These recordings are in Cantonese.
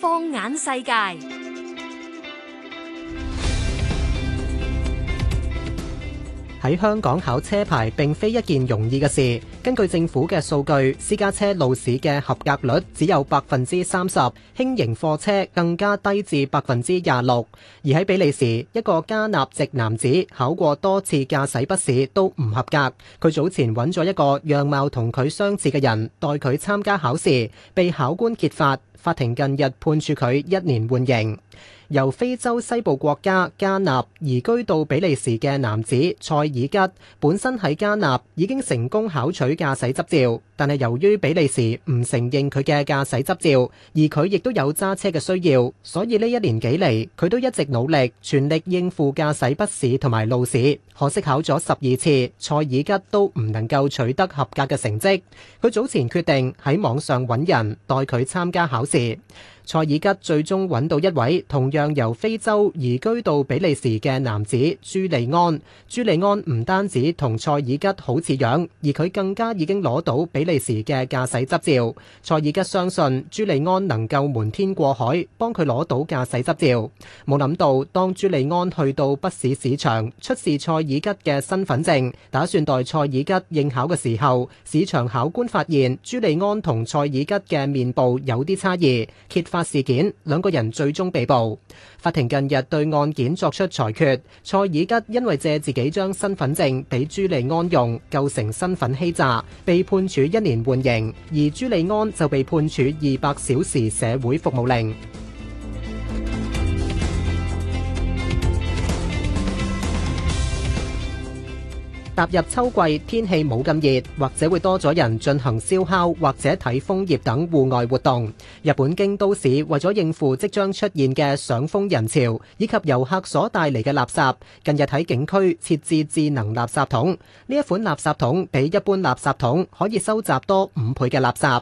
放眼世界，喺香港考車牌並非一件容易嘅事。根據政府嘅數據，私家車路試嘅合格率只有百分之三十，輕型貨車更加低至百分之廿六。而喺比利時，一個加納籍男子考過多次駕駛筆試都唔合格。佢早前揾咗一個樣貌同佢相似嘅人代佢參加考試，被考官揭發。法庭近日判處佢一年緩刑。由非洲西部國家加納移居到比利時嘅男子塞爾吉，本身喺加納已經成功考取駕駛執照，但係由於比利時唔承認佢嘅駕駛執照，而佢亦都有揸車嘅需要，所以呢一年幾嚟，佢都一直努力，全力應付駕駛筆試同埋路試。可惜考咗十二次，塞爾吉都唔能夠取得合格嘅成績。佢早前決定喺網上揾人代佢參加考試。蔡爾吉最終揾到一位同樣由非洲移居到比利時嘅男子朱利安。朱利安唔單止同蔡爾吉好似樣，而佢更加已經攞到比利時嘅駕駛執照。蔡爾吉相信朱利安能夠瞞天過海，幫佢攞到駕駛執照。冇諗到，當朱利安去到筆試試場出示蔡爾吉嘅身份證，打算代蔡爾吉應考嘅時候，試場考官發現朱利安同蔡爾吉嘅面部有啲差異，揭發事件，兩個人最終被捕。法庭近日對案件作出裁決，塞爾吉因為借自己張身份證俾朱利安用，構成身份欺詐，被判處一年緩刑，而朱利安就被判處二百小時社會服務令。踏入秋季，天氣冇咁熱，或者會多咗人進行燒烤或者睇楓葉等戶外活動。日本京都市為咗應付即將出現嘅賞楓人潮以及遊客所帶嚟嘅垃圾，近日喺景區設置智能垃圾桶。呢一款垃圾桶比一般垃圾桶可以收集多五倍嘅垃圾。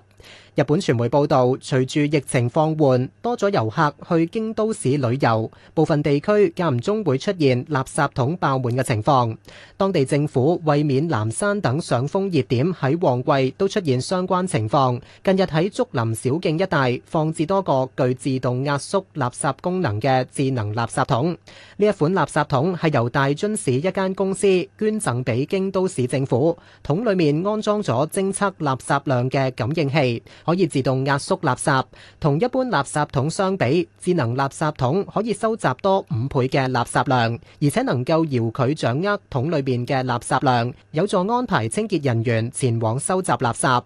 日本傳媒報道，隨住疫情放緩，多咗遊客去京都市旅遊，部分地區間唔中會出現垃圾桶爆滿嘅情況。當地政府為免嵐山等賞楓熱點喺旺季都出現相關情況，近日喺竹林小徑一帶放置多個具自動壓縮垃圾功能嘅智能垃圾桶。呢一款垃圾桶係由大津市一間公司捐贈俾京都市政府，桶裏面安裝咗偵測垃圾量嘅感應器。可以自動壓縮垃圾，同一般垃圾桶相比，智能垃圾桶可以收集多五倍嘅垃圾量，而且能夠遙距掌握桶裏邊嘅垃圾量，有助安排清潔人員前往收集垃圾。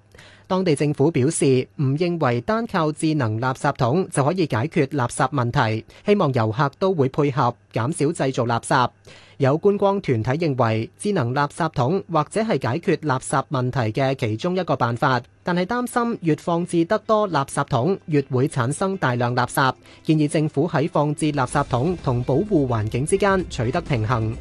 當地政府表示，唔認為單靠智能垃圾桶就可以解決垃圾問題，希望遊客都會配合減少製造垃圾。有觀光團體認為智能垃圾桶或者係解決垃圾問題嘅其中一個辦法，但係擔心越放置得多垃圾桶，越會產生大量垃圾。建議政府喺放置垃圾桶同保護環境之間取得平衡。